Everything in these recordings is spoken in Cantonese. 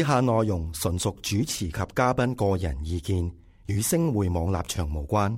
以下內容純屬主持及嘉賓個人意見，與星匯網立場無關。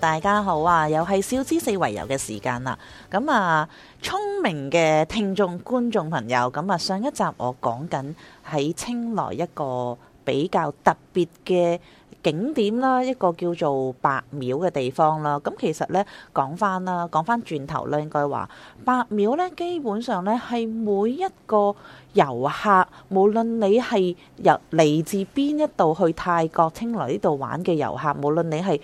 大家好啊！又係小資四圍遊嘅時間啦。咁、嗯、啊，聰明嘅聽眾觀眾朋友，咁、嗯、啊，上一集我講緊喺清萊一個比較特別嘅景點啦，一個叫做白廟嘅地方啦。咁、嗯、其實呢，講翻啦，講翻轉頭啦，應該話白廟呢，基本上呢，係每一個遊客，無論你係由嚟自邊一度去泰國清萊呢度玩嘅遊客，無論你係。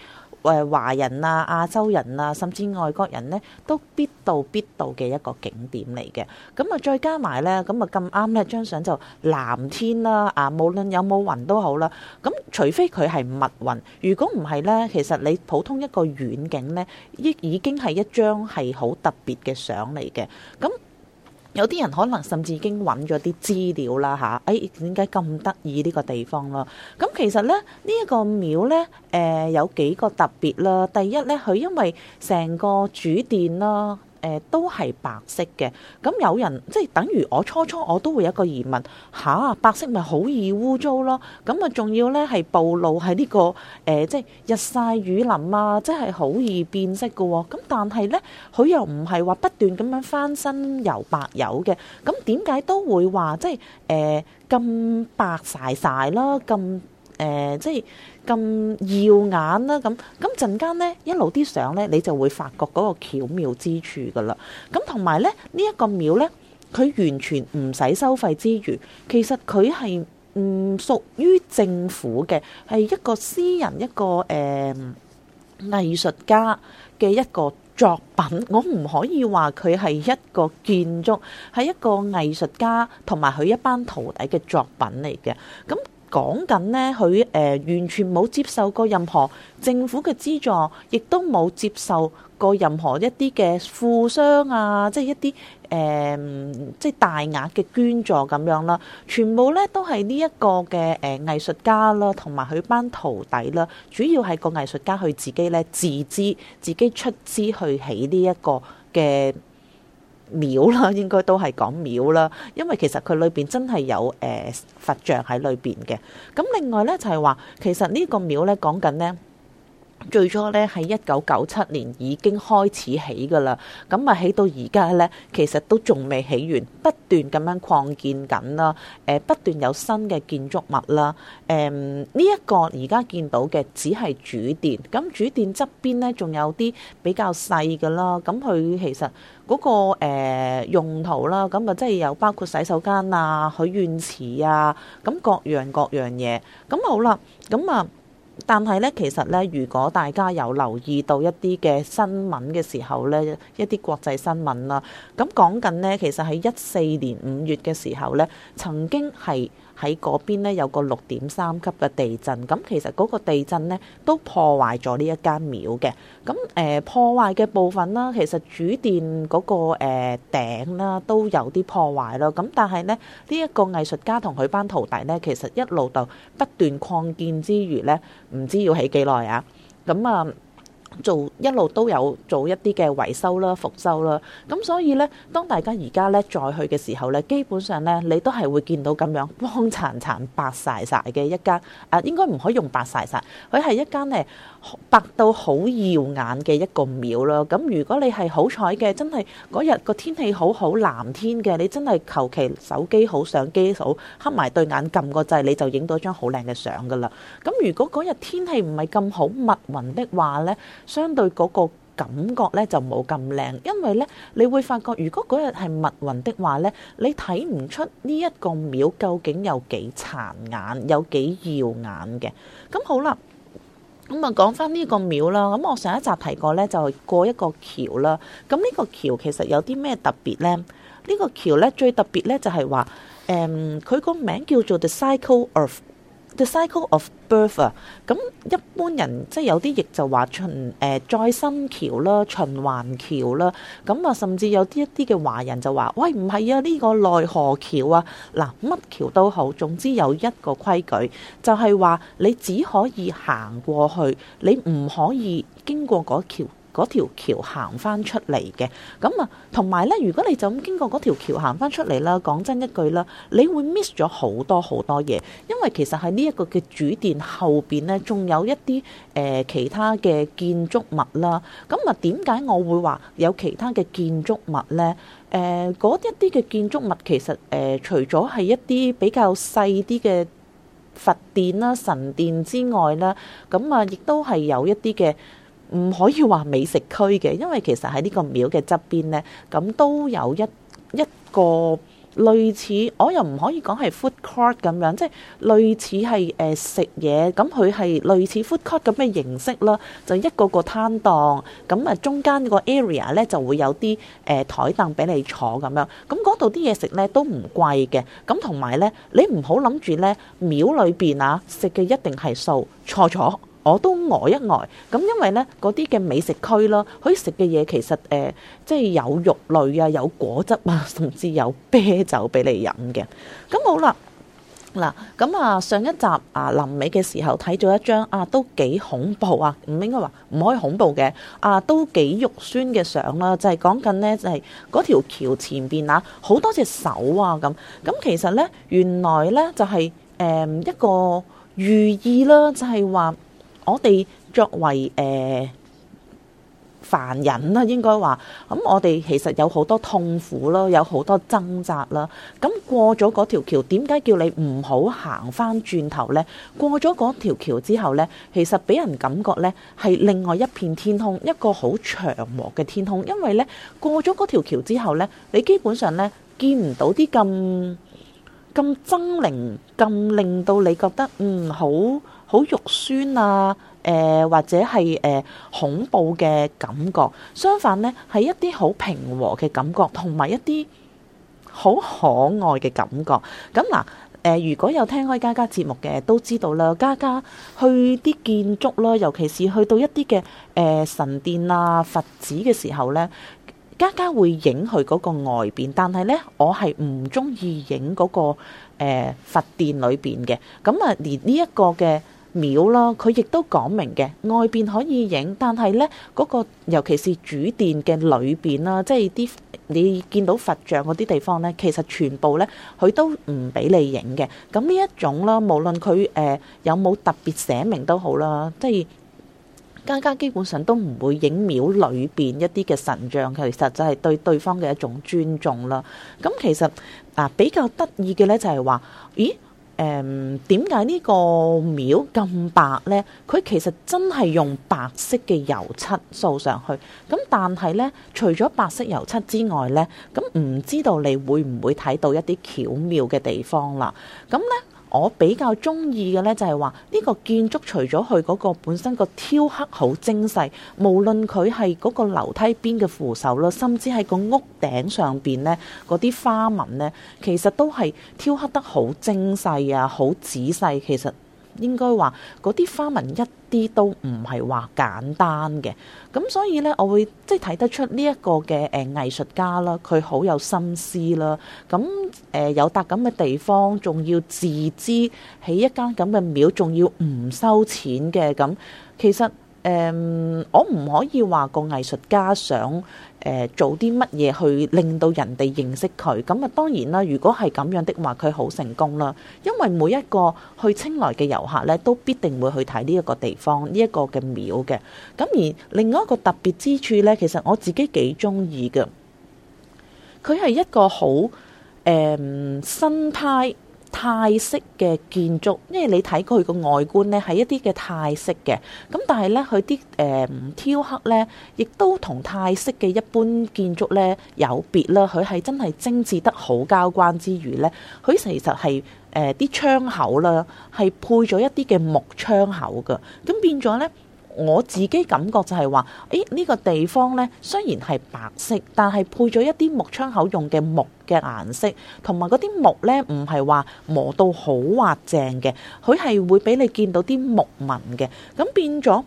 誒華人啊、亞洲人啊，甚至外國人呢，都必到必到嘅一個景點嚟嘅。咁啊，再加埋呢，咁啊咁啱呢張相就藍天啦，啊，無論有冇雲都好啦、啊。咁除非佢係密雲，如果唔係呢，其實你普通一個遠景呢，亦已經係一張係好特別嘅相嚟嘅。咁有啲人可能甚至已經揾咗啲資料啦吓，誒點解咁得意呢個地方咯？咁其實咧，呢、這、一個廟咧，誒、呃、有幾個特別啦。第一咧，佢因為成個主殿啦。誒都係白色嘅，咁有人即係等於我初初我都會有一個疑問，吓、啊，白色咪好易污糟咯，咁啊仲要咧係暴露喺呢、這個誒、呃、即係日曬雨淋啊，即係好易變色嘅喎，咁但係咧佢又唔係話不斷咁樣翻新油白油嘅，咁點解都會話即係誒咁白晒晒啦，咁誒、呃，即係咁耀眼啦，咁咁陣間呢，一路啲相呢，你就會發覺嗰個巧妙之處㗎喇。咁同埋呢，呢、這、一個廟呢，佢完全唔使收費之餘，其實佢係唔屬於政府嘅，係一個私人一個誒、呃、藝術家嘅一個作品。我唔可以話佢係一個建築，係一個藝術家同埋佢一班徒弟嘅作品嚟嘅。咁講緊呢，佢誒、呃、完全冇接受過任何政府嘅資助，亦都冇接受過任何一啲嘅富商啊，即係一啲誒、呃，即係大額嘅捐助咁樣啦。全部呢都係呢一個嘅誒藝術家啦，同埋佢班徒弟啦，主要係個藝術家佢自己呢自資自己出資去起呢一個嘅。廟啦，應該都係講廟啦，因為其實佢裏邊真係有誒、呃、佛像喺裏邊嘅。咁另外咧就係、是、話，其實呢個廟咧講緊咧。最初咧喺一九九七年已經開始起噶啦，咁啊起到而家咧，其實都仲未起完，不斷咁樣擴建緊啦。誒、呃，不斷有新嘅建築物啦。誒、呃，這個、呢一個而家見到嘅只係主殿，咁主殿側邊咧仲有啲比較細嘅啦。咁佢其實嗰、那個、呃、用途啦，咁啊即係有包括洗手間啊、許願池啊，咁各樣各樣嘢。咁好啦，咁啊。但係咧，其實咧，如果大家有留意到一啲嘅新聞嘅時候咧，一啲國際新聞啦，咁講緊呢，其實喺一四年五月嘅時候咧，曾經係，喺嗰邊咧，有個六點三級嘅地震，咁其實嗰個地震咧都破壞咗呢一間廟嘅。咁誒、呃、破壞嘅部分啦，其實主殿嗰、那個誒、呃、頂啦都有啲破壞咯。咁但係咧呢一、這個藝術家同佢班徒弟咧，其實一路就不斷擴建之餘咧，唔知要起幾耐啊？咁啊～做一路都有做一啲嘅維修啦、復修啦，咁所以呢，當大家而家呢再去嘅時候呢，基本上呢，你都係會見到咁樣光燦燦、白晒晒嘅一間，啊，應該唔可以用白晒晒，佢係一間呢。白到好耀眼嘅一個廟咯，咁如果你係好彩嘅，真係嗰日個天氣好好藍天嘅，你真係求其手機好相機好，黑埋對眼撳個掣，你就影到張好靚嘅相噶啦。咁如果嗰日天，天氣唔係咁好，密雲的話呢，相對嗰個感覺呢，就冇咁靚，因為呢，你會發覺如果嗰日係密雲的話呢，你睇唔出呢一個廟究竟有幾殘眼，有幾耀眼嘅。咁好啦。咁啊，講翻呢個廟啦。咁我上一集提過咧，就過一個橋啦。咁呢個橋其實有啲咩特別咧？呢個橋咧最特別咧就係話，誒、嗯，佢個名叫做 The Cycle of。The cycle of birth 啊，咁一般人即係有啲亦就話循誒、呃、再生橋啦、循環橋啦，咁啊甚至有啲一啲嘅華人就話喂，唔係啊，呢個奈何橋啊，嗱乜橋都好，總之有一個規矩，就係話你只可以行過去，你唔可以經過嗰橋。嗰條橋行翻出嚟嘅，咁啊，同埋呢，如果你就咁經過嗰條橋行翻出嚟啦，講真一句啦，你會 miss 咗好多好多嘢，因為其實喺呢一個嘅主殿後邊呢，仲有一啲誒、呃、其他嘅建築物啦。咁啊，點解我會話有其他嘅建築物呢？誒、呃，嗰一啲嘅建築物其實誒、呃，除咗係一啲比較細啲嘅佛殿啦、神殿之外咧，咁啊，亦都係有一啲嘅。唔可以話美食區嘅，因為其實喺呢個廟嘅側邊呢，咁都有一一個類似，我又唔可以講係 food court 咁樣，即係類似係誒、呃、食嘢，咁佢係類似 food court 咁嘅形式啦，就一個個攤檔，咁啊中間個 area 呢，就會有啲誒台凳俾你坐咁樣，咁嗰度啲嘢食呢，都唔貴嘅，咁同埋呢，你唔好諗住呢廟裏邊啊食嘅一定係素，錯錯。我都呆、呃、一呆、呃、咁，因為呢嗰啲嘅美食區咯，可以食嘅嘢其實誒、呃，即係有肉類啊，有果汁啊，甚至有啤酒俾你飲嘅。咁、嗯、好啦，嗱咁啊，上一集啊，臨尾嘅時候睇咗一張啊，都幾恐怖啊，唔應該話唔可以恐怖嘅啊，都幾肉酸嘅相啦，就係、是、講緊呢，就係、是、嗰條橋前邊啊，好多隻手啊，咁咁、嗯、其實呢，原來呢，就係、是、誒、嗯、一個寓意啦，就係、是、話。我哋作為誒、呃、凡人啦，應該話咁、嗯，我哋其實有好多痛苦咯，有好多掙扎啦。咁、嗯、過咗嗰條橋，點解叫你唔好行翻轉頭呢？過咗嗰條橋之後呢，其實俾人感覺呢係另外一片天空，一個好祥和嘅天空。因為呢，過咗嗰條橋之後呢，你基本上呢見唔到啲咁咁猙獰，咁令到你覺得唔好。好肉酸啊！誒、呃、或者係誒、呃、恐怖嘅感覺，相反呢，係一啲好平和嘅感覺，同埋一啲好可愛嘅感覺。咁嗱誒，如果有聽開嘉嘉節目嘅都知道啦，嘉嘉去啲建築啦，尤其是去到一啲嘅誒神殿啊佛寺嘅時候呢，嘉嘉會影佢嗰個外邊，但係呢，我係唔中意影嗰個、呃、佛殿裏邊嘅。咁啊，連呢一個嘅廟啦，佢亦都講明嘅，外邊可以影，但係呢嗰、嗰個尤其是主殿嘅裏邊啦，即係啲你見到佛像嗰啲地方呢，其實全部呢，佢都唔俾你影嘅。咁呢一種啦，無論佢誒、呃、有冇特別寫明都好啦，即係家家基本上都唔會影廟裏邊一啲嘅神像，其實就係對對方嘅一種尊重啦。咁其實嗱、啊、比較得意嘅呢，就係話，咦？誒點解呢個廟咁白呢？佢其實真係用白色嘅油漆掃上去，咁但係呢，除咗白色油漆之外呢，咁唔知道你會唔會睇到一啲巧妙嘅地方啦？咁、嗯、呢。我比較中意嘅呢，就係話呢個建築除咗佢嗰個本身個雕刻好精細，無論佢係嗰個樓梯邊嘅扶手啦，甚至喺個屋頂上邊呢，嗰啲花紋呢，其實都係雕刻得好精細啊，好仔細。其實應該話嗰啲花紋一。都唔係話簡單嘅，咁所以呢，我會即係睇得出呢一個嘅誒藝術家啦，佢好有心思啦，咁誒、呃、有笪咁嘅地方，仲要自資起一間咁嘅廟，仲要唔收錢嘅，咁其實。誒，我唔可以話個藝術家想誒做啲乜嘢去令到人哋認識佢。咁啊，當然啦，如果係咁樣的話，佢好成功啦。因為每一個去清萊嘅遊客呢，都必定會去睇呢一個地方呢一個嘅廟嘅。咁而另外一個特別之處呢，其實我自己幾中意嘅。佢係一個好誒新派。泰式嘅建築，因為你睇佢個外觀呢係一啲嘅泰式嘅，咁但係呢，佢啲誒雕刻呢，亦都同泰式嘅一般建築呢有別啦。佢係真係精緻得好交關之餘呢，佢其實係誒啲窗口啦，係配咗一啲嘅木窗口噶，咁變咗呢。我自己感覺就係話，誒呢個地方咧，雖然係白色，但係配咗一啲木窗口用嘅木嘅顏色，同埋嗰啲木呢唔係話磨到好滑淨嘅，佢係會俾你見到啲木紋嘅，咁變咗。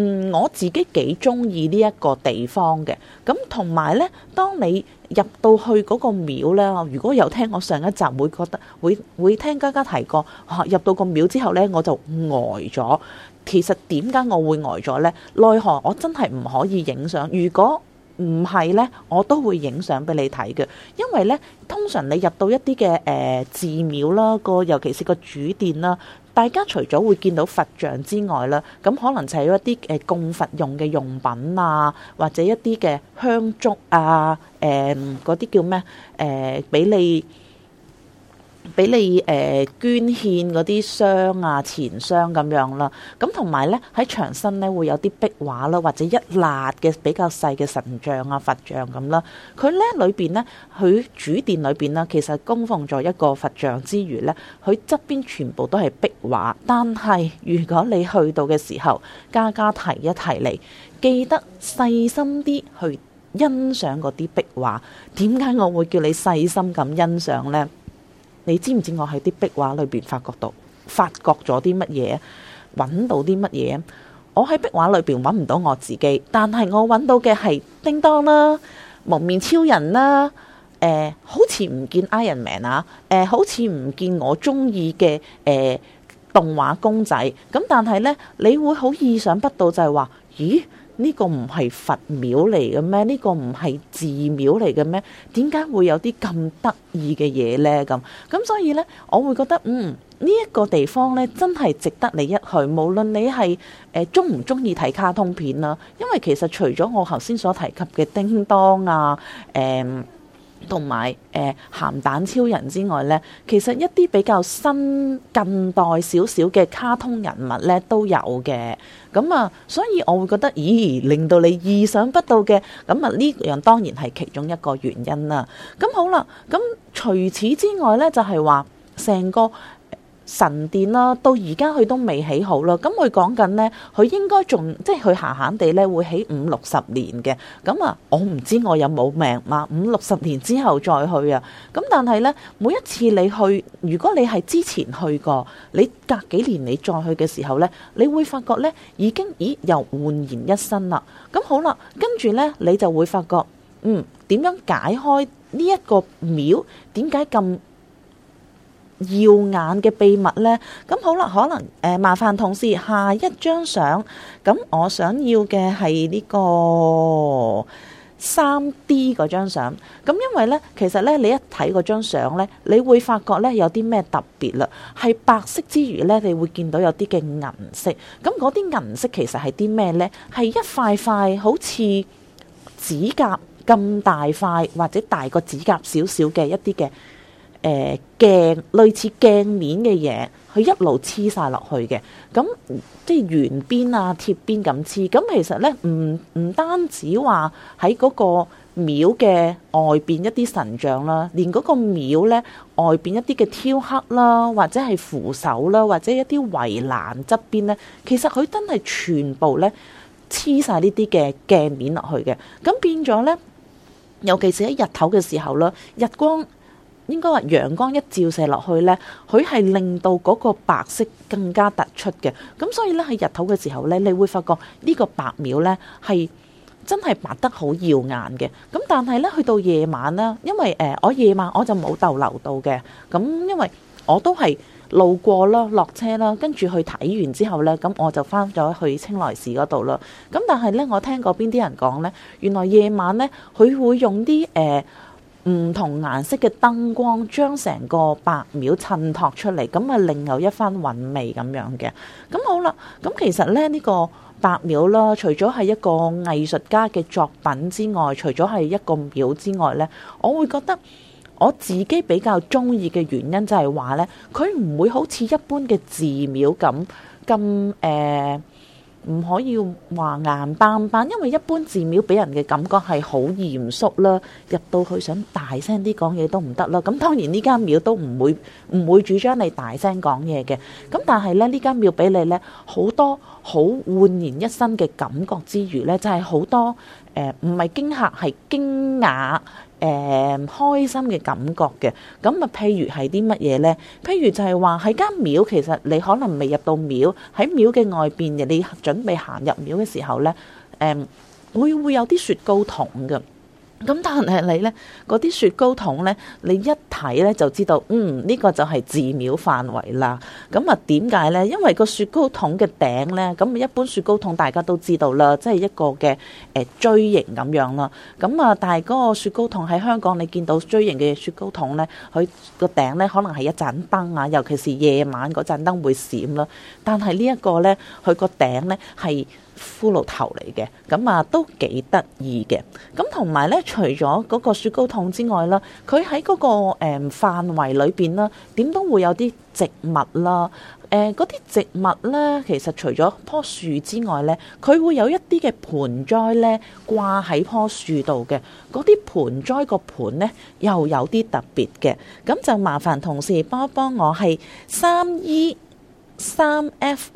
嗯，我自己幾中意呢一個地方嘅，咁同埋呢，當你入到去嗰個廟呢，如果有聽我上一集，會覺得會會聽家家提過，嚇、啊、入到個廟之後呢，我就呆咗。其實點解我會呆咗呢？奈何我真係唔可以影相。如果唔係呢，我都會影相俾你睇嘅。因為呢，通常你入到一啲嘅誒寺廟啦，個尤其是個主殿啦。大家除咗會見到佛像之外啦，咁可能就有一啲誒供佛用嘅用品啊，或者一啲嘅香燭啊，誒嗰啲叫咩誒俾你。俾你誒、呃、捐獻嗰啲箱啊、錢箱咁樣啦，咁同埋呢喺牆身呢會有啲壁畫啦，或者一辣嘅比較細嘅神像啊、佛像咁啦。佢呢裏邊呢，佢主殿裏邊呢，其實供奉咗一個佛像之餘呢，佢側邊全部都係壁畫。但係如果你去到嘅時候，家家提一提你，記得細心啲去欣賞嗰啲壁畫。點解我會叫你細心咁欣賞呢？你知唔知我喺啲壁畫裏邊發覺到，發覺咗啲乜嘢，揾到啲乜嘢？我喺壁畫裏邊揾唔到我自己，但係我揾到嘅係叮噹啦、蒙面超人啦，誒、呃，好似唔見 Iron Man 啊，誒、呃，好似唔見我中意嘅誒動畫公仔。咁但係呢，你會好意想不到就係話，咦？呢個唔係佛廟嚟嘅咩？呢個唔係寺廟嚟嘅咩？點解會有啲咁得意嘅嘢呢？咁咁所以呢，我會覺得嗯，呢一個地方呢，真係值得你一去。無論你係誒中唔中意睇卡通片啦，因為其實除咗我頭先所提及嘅叮當啊，誒。同埋誒鹹蛋超人之外呢，其實一啲比較新近代少少嘅卡通人物呢都有嘅，咁啊，所以我會覺得咦，令到你意想不到嘅，咁啊呢樣當然係其中一個原因啦。咁好啦，咁除此之外呢，就係話成個神殿啦，到而家佢都未起好啦。咁佢講緊呢，佢應該仲即係佢閒閒地呢，會起五六十年嘅。咁啊，我唔知我有冇命嘛？五六十年之後再去啊。咁但係呢，每一次你去，如果你係之前去過，你隔幾年你再去嘅時候呢，你會發覺呢，已經咦又煥然一新啦。咁好啦，跟住呢，你就會發覺，嗯，點樣解開呢一個廟，點解咁？耀眼嘅秘密呢，咁好啦，可能誒、呃，麻煩同事下一張相。咁我想要嘅係呢個三 D 嗰張相。咁因為呢，其實呢，你一睇嗰張相呢，你會發覺呢，有啲咩特別啦。係白色之餘呢，你會見到有啲嘅銀色。咁嗰啲銀色其實係啲咩呢？係一塊塊好似指甲咁大塊，或者大過指甲少少嘅一啲嘅。誒、呃、鏡類似鏡面嘅嘢，佢一路黐晒落去嘅。咁即係圓邊啊、貼邊咁黐。咁其實咧，唔唔單止話喺嗰個廟嘅外邊一啲神像啦，連嗰個廟咧外邊一啲嘅雕刻啦，或者係扶手啦，或者一啲圍欄側邊咧，其實佢真係全部咧黐晒呢啲嘅鏡面落去嘅。咁變咗咧，尤其是喺日頭嘅時候啦，日光。應該話陽光一照射落去呢，佢係令到嗰個白色更加突出嘅。咁所以呢，喺日頭嘅時候呢，你會發覺呢個白廟呢係真係白得好耀眼嘅。咁但係呢，去到夜晚呢，因為誒、呃、我夜晚我就冇逗留到嘅。咁因為我都係路過啦、落車啦，跟住去睇完之後呢，咁我就返咗去清萊市嗰度啦。咁但係呢，我聽嗰邊啲人講呢，原來夜晚呢，佢會用啲誒、呃唔同顏色嘅燈光將成個白廟襯托出嚟，咁啊另有一番韻味咁樣嘅。咁好啦，咁其實咧呢、這個白廟啦，除咗係一個藝術家嘅作品之外，除咗係一個廟之外呢，我會覺得我自己比較中意嘅原因就係話呢，佢唔會好似一般嘅寺廟咁咁誒。唔可以話硬梆梆，因為一般寺廟俾人嘅感覺係好嚴肅啦。入到去想大聲啲講嘢都唔得啦。咁當然呢間廟都唔會唔會主張你大聲講嘢嘅。咁但係咧，呢間廟俾你咧好多好煥然一新嘅感覺之餘呢，就係、是、好多誒唔係驚嚇係驚訝。誒、嗯、開心嘅感覺嘅，咁、嗯、啊，譬如係啲乜嘢呢？譬如就係話喺間廟，其實你可能未入到廟，喺廟嘅外邊，你準備行入廟嘅時候呢，誒、嗯、會會有啲雪糕筒嘅。咁但係你咧，嗰啲雪糕筒咧，你一睇咧就知道，嗯，呢個就係寺廟範圍啦。咁啊，點解咧？因為個雪糕筒嘅頂咧，咁一般雪糕筒大家都知道啦，即係一個嘅誒錐形咁樣啦。咁啊，但係嗰個雪糕筒喺香港，你見到錐形嘅雪糕筒咧，佢個頂咧可能係一盞燈啊，尤其是夜晚嗰盞燈會閃啦。但係呢一個咧，佢個頂咧係骷髏頭嚟嘅，咁啊都幾得意嘅。咁同埋呢，除咗嗰個雪糕筒之外啦，佢喺嗰個誒範圍裏邊啦，點都會有啲植物啦。誒、呃，嗰啲植物呢，其實除咗棵樹之外呢，佢會有一啲嘅盆栽呢，掛喺棵樹度嘅。嗰啲盆栽個盤呢，又有啲特別嘅。咁就麻煩同事幫一幫我係三 E 三 F。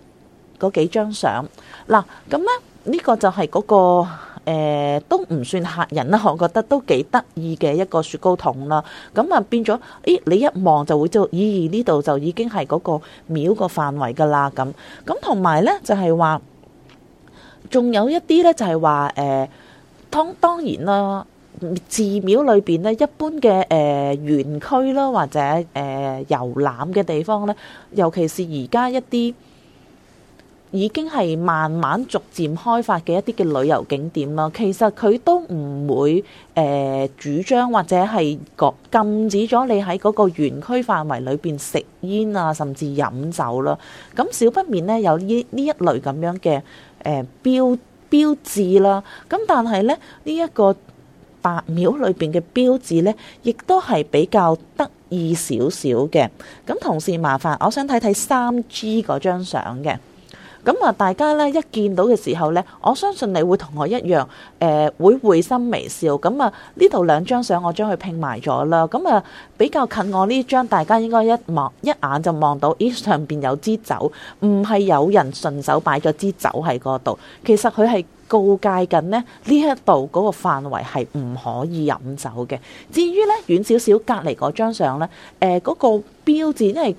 嗰幾張相嗱，咁咧呢、呢個就係嗰、嗰個、欸、都唔算嚇人啦，我覺得都幾得意嘅一個雪糕筒啦。咁啊變咗，咦、欸、你一望就會就，咦呢度就已經係嗰個廟個範圍噶啦咁。咁同埋咧就係、是、話，仲有一啲咧就係話誒，當當然啦，寺廟裏邊咧一般嘅誒、呃、園區啦，或者誒、呃、遊覽嘅地方咧，尤其是而家一啲。已經係慢慢逐漸開發嘅一啲嘅旅遊景點啦，其實佢都唔會誒、呃、主張或者係禁禁止咗你喺嗰個園區範圍裏邊食煙啊，甚至飲酒啦。咁少不免呢，有呢呢一類咁樣嘅誒、呃、標標誌啦。咁但係咧呢一、這個白廟裏邊嘅標誌咧，亦都係比較得意少少嘅。咁同時麻煩，我想睇睇三 G 嗰張相嘅。咁啊，大家咧一見到嘅時候呢，我相信你會同我一樣，誒、呃、會會心微笑。咁、嗯、啊，呢度兩張相我將佢拼埋咗啦。咁、嗯、啊，比較近我呢張，大家應該一望一眼就望到，咦，上邊有支酒，唔係有人順手擺咗支酒喺嗰度，其實佢係告誡緊呢，呢一度嗰個範圍係唔可以飲酒嘅。至於呢，遠少少隔離嗰張相呢，誒、呃、嗰、那個標誌係。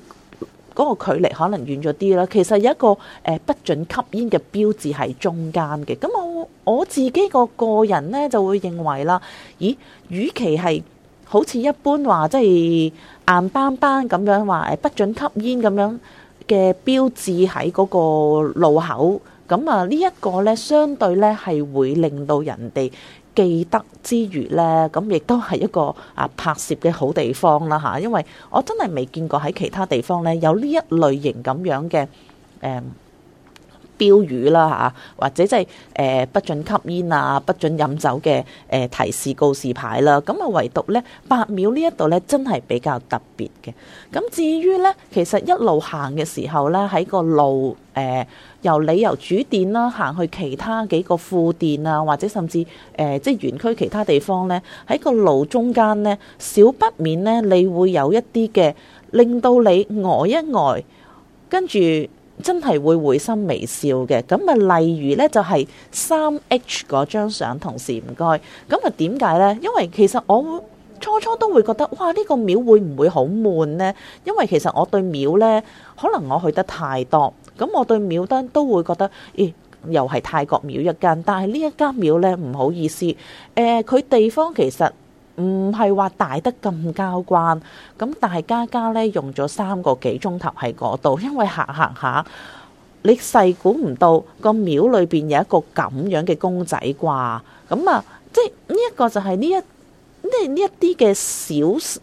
嗰個距離可能遠咗啲啦，其實有一個誒、呃、不准吸煙嘅標誌喺中間嘅。咁我我自己個個人呢，就會認為啦，咦，與其係好似一般話即係、就是、硬邦邦咁樣話誒、呃、不准吸煙咁樣嘅標誌喺嗰個路口，咁啊呢一個呢，相對呢，係會令到人哋。記得之餘呢，咁亦都係一個啊拍攝嘅好地方啦嚇，因為我真係未見過喺其他地方呢有呢一類型咁樣嘅誒。嗯標語啦嚇，或者即係誒不准吸煙啊、不准飲酒嘅誒、呃、提示告示牌啦。咁啊，唯獨呢白廟呢一度呢，真係比較特別嘅。咁至於呢，其實一路行嘅時候呢，喺個路誒、呃、由旅遊主殿啦行去其他幾個副殿啊，或者甚至誒、呃、即係園區其他地方呢，喺個路中間呢，少不免呢，你會有一啲嘅令到你呆、呃、一呆、呃，跟住。真係會會心微笑嘅，咁啊，例如呢，就係、是、三 H 嗰張相，同事唔該。咁啊，點解呢？因為其實我初初都會覺得，哇！呢、這個廟會唔會好悶呢？」因為其實我對廟呢，可能我去得太多，咁我對廟都都會覺得，咦、哎，又係泰國廟一間。但係呢一間廟呢，唔好意思，誒、呃，佢地方其實。唔係話大得咁交關，咁但係家家咧，用咗三個幾鐘頭喺嗰度，因為行行下，你細估唔到個廟裏邊有一個咁樣嘅公仔啩，咁啊，即係呢一個就係呢一呢呢一啲嘅小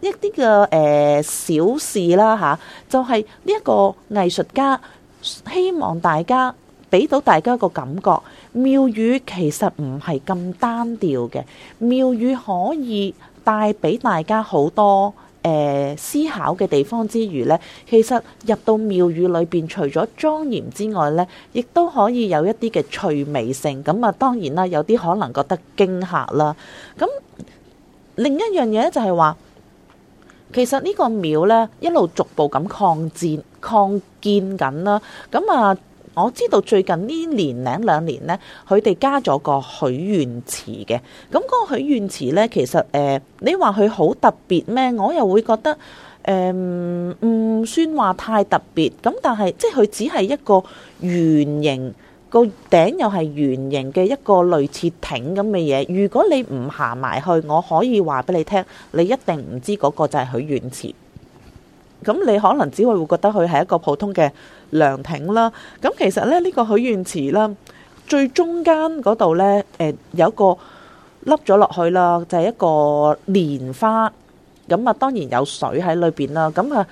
一啲嘅誒小事啦吓，就係呢一個藝術家希望大家。俾到大家一個感覺，廟宇其實唔係咁單調嘅，廟宇可以帶俾大家好多誒、呃、思考嘅地方之餘呢，其實入到廟宇裏邊，除咗莊嚴之外呢，亦都可以有一啲嘅趣味性。咁啊，當然啦，有啲可能覺得驚嚇啦。咁另一樣嘢咧，就係話，其實呢個廟呢，一路逐步咁擴建、擴建緊啦。咁啊。我知道最近呢年零兩年呢，佢哋加咗個許願池嘅。咁、那、嗰個許願池呢，其實誒、呃，你話佢好特別咩？我又會覺得誒，唔、呃嗯、算話太特別。咁但係即係佢只係一個圓形，個頂又係圓形嘅一個類似艇咁嘅嘢。如果你唔行埋去，我可以話俾你聽，你一定唔知嗰個就係許願池。咁你可能只係會覺得佢係一個普通嘅涼亭啦。咁其實咧，呢、呢個許願池啦，最中間嗰度呢，誒、呃、有一個凹咗落去啦，就係、係、一個蓮花。咁啊，當然有水喺裏邊啦。咁啊。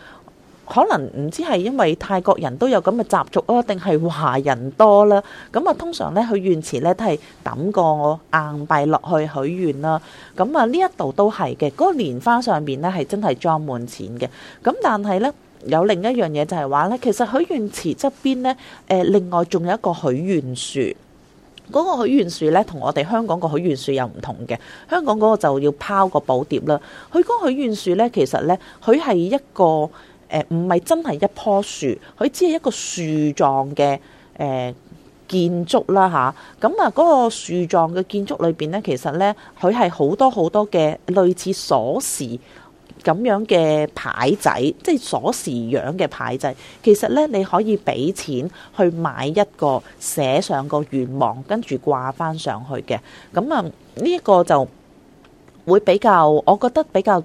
可能唔知係因為泰國人都有咁嘅習俗啊，定係華人多啦。咁啊，通常咧許願池咧都係抌個硬幣落去許願啦。咁啊，呢一度都係嘅。嗰個蓮花上面咧係真係裝滿錢嘅。咁但係咧有另一樣嘢就係話咧，其實許願池側邊咧，誒另外仲有一個許願樹。嗰、嗰個許願樹咧，同我哋香港個許願樹又唔同嘅。香港嗰個就要拋個寶碟啦。許個許願樹咧，其實咧佢係一個。誒唔係真係一棵樹，佢只係一個樹狀嘅誒建築啦吓，咁啊，嗰個樹狀嘅建築裏邊呢，其實呢，佢係好多好多嘅類似鎖匙咁樣嘅牌仔，即係鎖匙樣嘅牌仔。其實呢，你可以俾錢去買一個寫上個願望，跟住掛翻上去嘅。咁啊，呢一個就會比較，我覺得比較。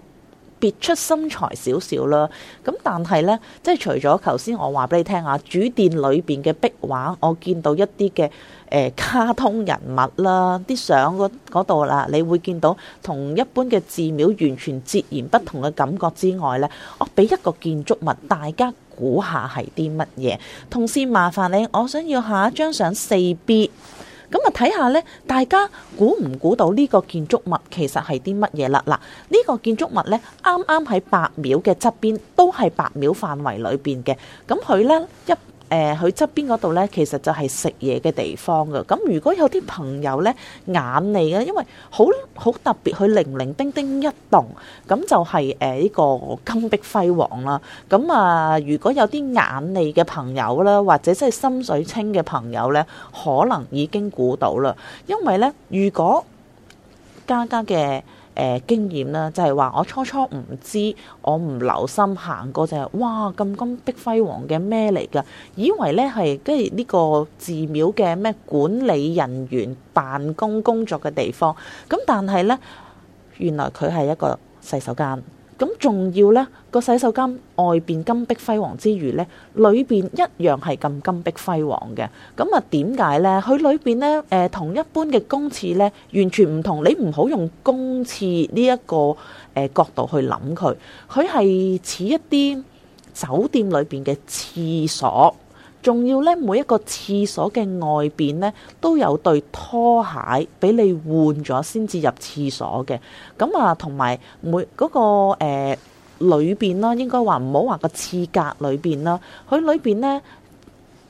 別出心裁少少啦，咁但係呢，即係除咗頭先我話俾你聽啊，主殿裏邊嘅壁畫，我見到一啲嘅誒卡通人物啦，啲相嗰度啦，你會見到同一般嘅寺廟完全截然不同嘅感覺之外呢，我俾一個建築物，大家估下係啲乜嘢？同時麻煩你，我想要一下一張相四 B。咁啊，睇下咧，大家估唔估到呢個建築物其實係啲乜嘢啦？嗱，呢個建築物咧，啱啱喺白廟嘅側邊，都係白廟範圍裏邊嘅。咁佢咧一。誒佢側邊嗰度呢，其實就係食嘢嘅地方嘅。咁如果有啲朋友呢，眼利啊，因為好好特別，佢零零丁丁丁一棟，咁就係誒呢個金碧輝煌啦。咁啊，如果有啲眼利嘅朋友啦，或者真係心水清嘅朋友呢，可能已經估到啦。因為呢，如果家家嘅誒經驗啦，就係話我初初唔知，我唔留心行過就係，哇咁金碧輝煌嘅咩嚟㗎？以為呢係跟住呢個寺廟嘅咩管理人員辦公工作嘅地方，咁但係呢，原來佢係一個洗手間。咁仲要呢個洗手間外邊金碧輝煌之餘呢，裏邊一樣係咁金碧輝煌嘅。咁啊，點解呢？佢裏邊呢，誒同一般嘅公廁呢完全唔同。你唔好用公廁呢、這、一個誒、呃、角度去諗佢，佢係似一啲酒店裏邊嘅廁所。仲要咧，每一個廁所嘅外邊咧，都有對拖鞋俾你換咗先至入廁所嘅。咁啊、那個，同埋每嗰個誒裏邊啦，應該話唔好話個廁格裏邊啦，佢裏邊咧，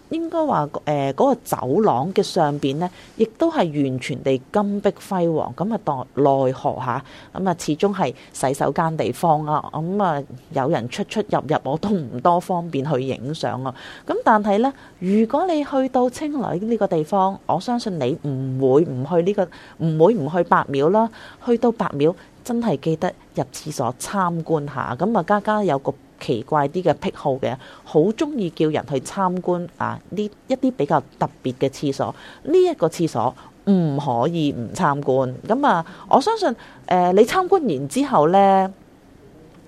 應該話誒嗰個走廊嘅上邊呢，亦都係完全地金碧輝煌。咁啊，奈何下，嚇，咁啊始終係洗手間地方啊。咁啊，有人出出入入，我都唔多方便去影相啊。咁但係呢，如果你去到清萊呢個地方，我相信你唔會唔去呢、這個，唔會唔去白廟啦。去到白廟，真係記得入廁所參觀下。咁啊，家家有個。奇怪啲嘅癖好嘅，好中意叫人去參觀啊！呢一啲比較特別嘅廁所，呢一個廁所唔可以唔參觀。咁啊，我相信誒，你參觀完之後咧，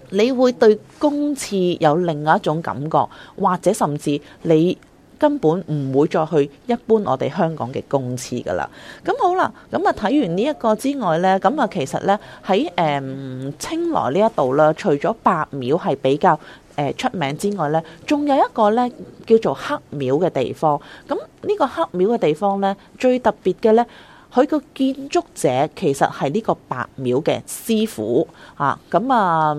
你會對公廁有另外一種感覺，或者甚至你。根本唔會再去一般我哋香港嘅公廁噶啦。咁好啦，咁啊睇完呢一個之外呢，咁啊其實呢，喺誒清萊呢一度啦，除咗白廟係比較誒、呃、出名之外呢，仲有一個呢叫做黑廟嘅地方。咁呢個黑廟嘅地方呢，最特別嘅呢。佢個建築者其實係呢個白廟嘅師傅啊！咁啊，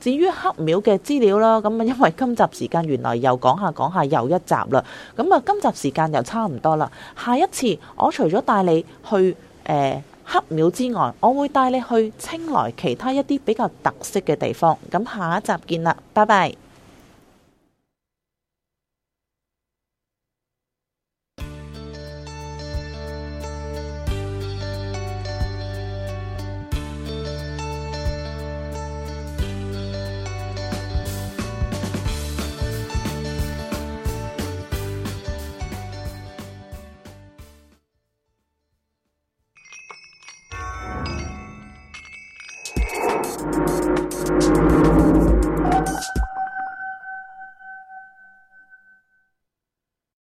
至於黑廟嘅資料啦，咁啊，因為今集時間原來又講下講下又一集啦，咁啊，今集時間又差唔多啦。下一次我除咗帶你去誒、呃、黑廟之外，我會帶你去清萊其他一啲比較特色嘅地方。咁下一集見啦，拜拜。